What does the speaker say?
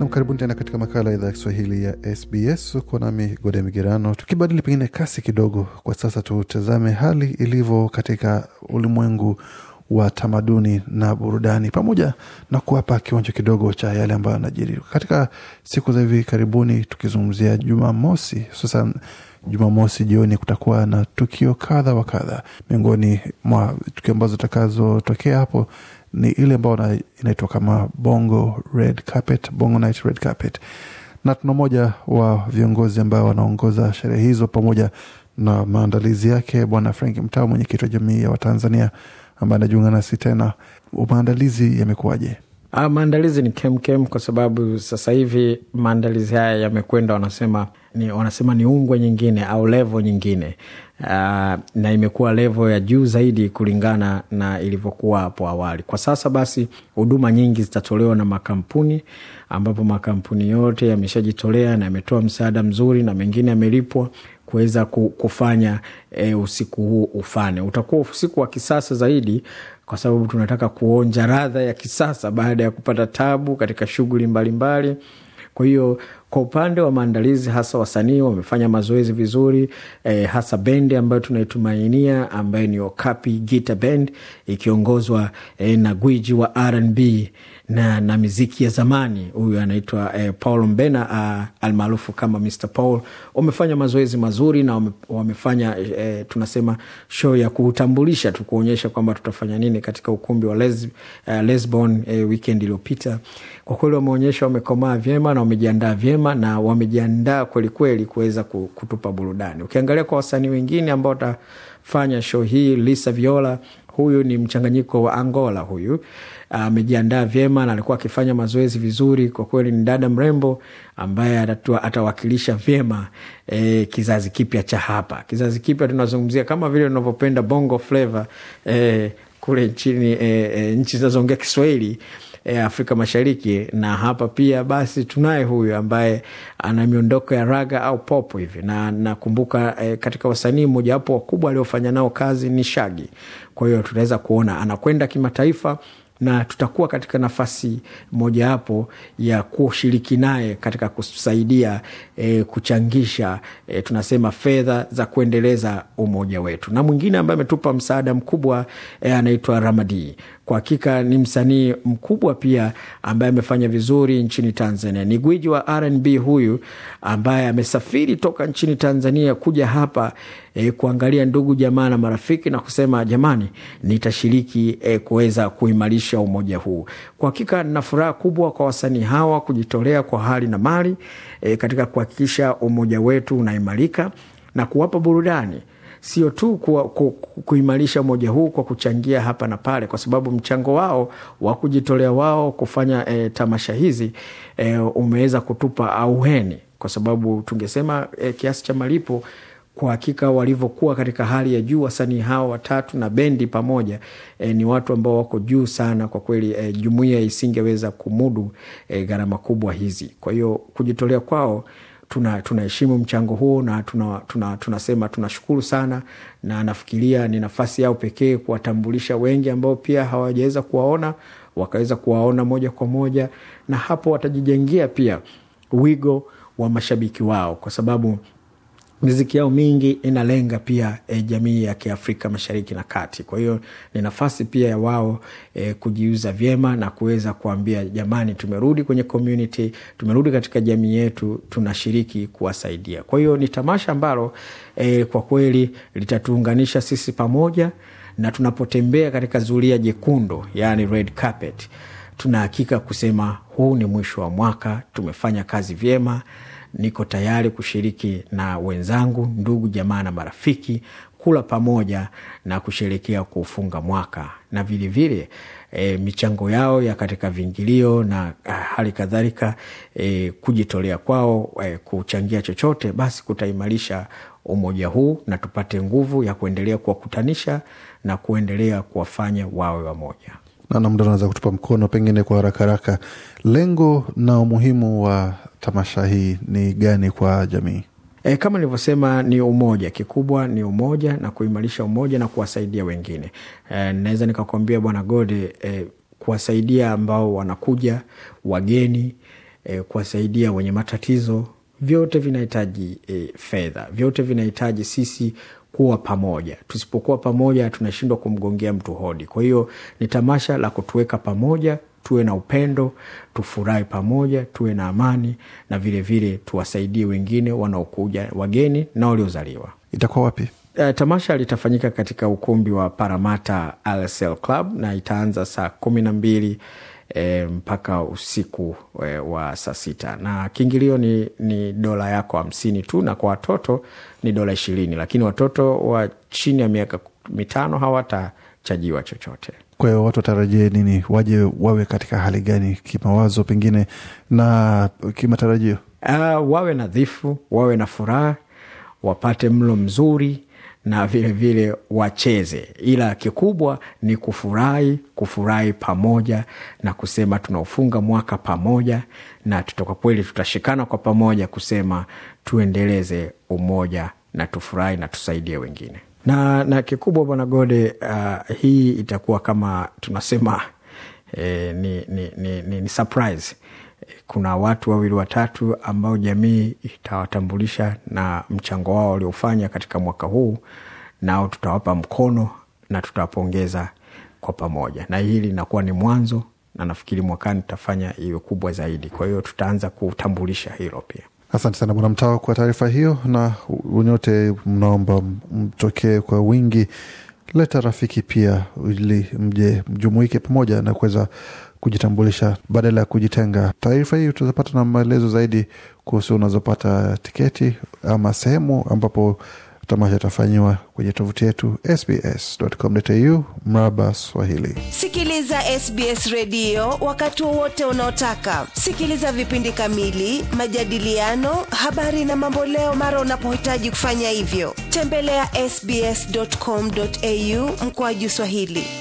Nam, karibuni tena katika makala ya idhaa ya Kiswahili ya SBS uko nami Gode Migerano. Tukibadili pengine kasi kidogo kwa sasa, tutazame hali ilivyo katika ulimwengu wa tamaduni na burudani, pamoja na kuwapa kiwanjo kidogo cha yale ambayo yanajiri katika siku za hivi karibuni, tukizungumzia Jumamosi hususan Jumamosi jioni kutakuwa na tukio kadha wa kadha. Miongoni mwa tukio ambazo zitakazotokea hapo ni ile ambayo inaitwa kama bongo red carpet, bongo night red carpet, na tuna mmoja wa viongozi ambao wanaongoza sherehe hizo pamoja na maandalizi yake, Bwana Frank Mtao, mwenyekiti wa jamii ya Watanzania ambaye anajiunga nasi tena. Maandalizi yamekuwaje? Uh, maandalizi ni kemkem kwa sababu sasa hivi maandalizi haya yamekwenda, wanasema ni, wanasema ni ungwe nyingine au levo nyingine. Uh, na imekuwa levo ya juu zaidi kulingana na ilivyokuwa hapo awali. Kwa sasa basi, huduma nyingi zitatolewa na makampuni ambapo makampuni yote yameshajitolea na yametoa msaada mzuri na mengine yamelipwa kuweza kufanya e, usiku huu ufane. Utakuwa usiku wa kisasa zaidi, kwa sababu tunataka kuonja radha ya kisasa baada ya kupata tabu katika shughuli mbalimbali. Kwa hiyo kwa upande wa maandalizi, hasa wasanii wamefanya mazoezi vizuri e, hasa bendi ambayo tunaitumainia ambayo ni Okapi Gita Band ikiongozwa e, na gwiji wa rnb na, na miziki ya zamani huyu anaitwa eh, Paul Mbena uh, almaarufu kama Mr Paul. Wamefanya mazoezi mazuri na wamefanya eh, tunasema show ya kuutambulisha tu kuonyesha kwamba tutafanya nini katika ukumbi wa les, uh, Lesbon eh, weekend iliyopita. Kwa kweli wameonyesha wamekomaa vyema na wamejiandaa vyema nzima na wamejiandaa kwelikweli kuweza kutupa burudani. Ukiangalia kwa wasanii wengine ambao watafanya show hii, Lisa Viola huyu ni mchanganyiko wa Angola huyu amejiandaa vyema na alikuwa akifanya mazoezi vizuri. Kwa kweli ni dada mrembo ambaye atatua, atawakilisha vyema e, kizazi kipya cha hapa. Kizazi kipya tunazungumzia kama vile unavyopenda bongo flava e, kule nchini e, e, nchi zinazoongea Kiswahili ya eh, Afrika Mashariki, na hapa pia basi tunaye huyu ambaye ana miondoko ya raga au pop hivi, na nakumbuka eh, katika wasanii mojawapo wakubwa aliofanya nao kazi ni Shagi. Kwa hiyo tunaweza kuona anakwenda kimataifa na tutakuwa katika nafasi mojawapo ya kushiriki naye katika kusaidia e, kuchangisha e, tunasema fedha za kuendeleza umoja wetu. Na mwingine ambaye ametupa msaada mkubwa e, anaitwa Ramadi. Kwa hakika ni msanii mkubwa pia ambaye amefanya vizuri nchini Tanzania. Ni gwiji wa rnb huyu ambaye amesafiri toka nchini Tanzania kuja hapa e, kuangalia ndugu jamaa na marafiki na kusema jamani, nitashiriki e, kuweza kuimarisha umoja huu. Kwa hakika nina furaha kubwa kwa wasanii hawa kujitolea kwa hali na mali e, katika kuhakikisha umoja wetu unaimarika na kuwapa burudani sio tu ku, ku, kuimarisha umoja huu kwa kuchangia hapa na pale, kwa sababu mchango wao wa kujitolea wao kufanya e, tamasha hizi e, umeweza kutupa auheni, kwa sababu tungesema e, kiasi cha malipo kwa hakika walivyokuwa katika hali ya juu wasanii hawa watatu na bendi pamoja e, ni watu ambao wako juu sana kwa kweli. E, jumuia isingeweza kumudu e, gharama kubwa hizi. Kwa hiyo kujitolea kwao tunaheshimu tuna mchango huo na tunasema tuna, tuna tunashukuru sana, na nafikiria ni nafasi yao pekee kuwatambulisha wengi ambao pia hawajaweza kuwaona wakaweza kuwaona moja kwa moja, na hapo watajijengea pia wigo wa mashabiki wao kwa sababu miziki yao mingi inalenga pia e, jamii ya kiafrika mashariki na kati. Kwa hiyo ni nafasi pia ya wao e, kujiuza vyema na kuweza kuambia jamani, tumerudi kwenye community, tumerudi katika jamii yetu, tunashiriki kuwasaidia. Kwa hiyo ni tamasha ambalo e, kwa kweli litatuunganisha sisi pamoja, na tunapotembea katika zulia jekundu, yani red carpet, tunahakika kusema huu ni mwisho wa mwaka, tumefanya kazi vyema niko tayari kushiriki na wenzangu, ndugu, jamaa na marafiki kula pamoja na kusherekea kuufunga mwaka na vilevile e, michango yao ya katika vingilio na ah, hali kadhalika e, kujitolea kwao e, kuchangia chochote, basi kutaimarisha umoja huu na tupate nguvu ya kuendelea kuwakutanisha na kuendelea kuwafanya wawe wamoja. Naona muda unaweza kutupa mkono, pengine kwa haraka haraka, lengo na umuhimu wa tamasha hii ni gani kwa jamii? E, kama nilivyosema ni umoja, kikubwa ni umoja na kuimarisha umoja na kuwasaidia wengine. E, naweza nikakwambia bwana Gode, e, kuwasaidia ambao wanakuja wageni, e, kuwasaidia wenye matatizo, vyote vinahitaji e, fedha, vyote vinahitaji sisi kuwa pamoja. Tusipokuwa pamoja, tunashindwa kumgongea mtu hodi. Kwa hiyo ni tamasha la kutuweka pamoja, tuwe na upendo, tufurahi pamoja, tuwe na amani na vilevile vile tuwasaidie wengine wanaokuja wageni na waliozaliwa. Itakuwa wapi? Uh, tamasha litafanyika katika ukumbi wa Paramata LSL Club na itaanza saa kumi na mbili e, mpaka usiku e, wa saa sita na kiingilio ni, ni dola yako hamsini tu, na kwa watoto ni dola ishirini, lakini watoto wa chini ya miaka mitano hawatachajiwa chochote. Kwa hiyo watu watarajie nini? Waje wawe katika hali gani kimawazo, pengine na kimatarajio? Uh, wawe nadhifu, wawe na furaha, wapate mlo mzuri na vilevile vile wacheze, ila kikubwa ni kufurahi, kufurahi pamoja na kusema tunaufunga mwaka pamoja, na tutoka kweli tutashikana kwa pamoja kusema tuendeleze umoja na tufurahi na tusaidie wengine na, na kikubwa Bwana Gode, uh, hii itakuwa kama tunasema eh, ni, ni, ni, ni, ni surprise kuna watu wawili watatu ambao jamii itawatambulisha na mchango wao waliofanya katika mwaka huu nao tutawapa mkono na tutawapongeza kwa pamoja na hili linakuwa ni mwanzo na nafikiri mwakani tutafanya iwe kubwa zaidi kwa hiyo tutaanza kutambulisha hilo pia asante sana bwana mtao kwa taarifa hiyo na nyote mnaomba mtokee kwa wingi leta rafiki pia ili mje mjumuike pamoja na kuweza kujitambulisha badala ya kujitenga. Taarifa hii utazapata na maelezo zaidi kuhusu unazopata tiketi ama sehemu ambapo tamasha itafanyiwa kwenye tovuti yetu sbs.com.au mraba Swahili. Sikiliza SBS redio wakati wowote unaotaka. Sikiliza vipindi kamili, majadiliano, habari na mamboleo mara unapohitaji kufanya hivyo. Tembelea ya sbs.com.au mkoaju Swahili.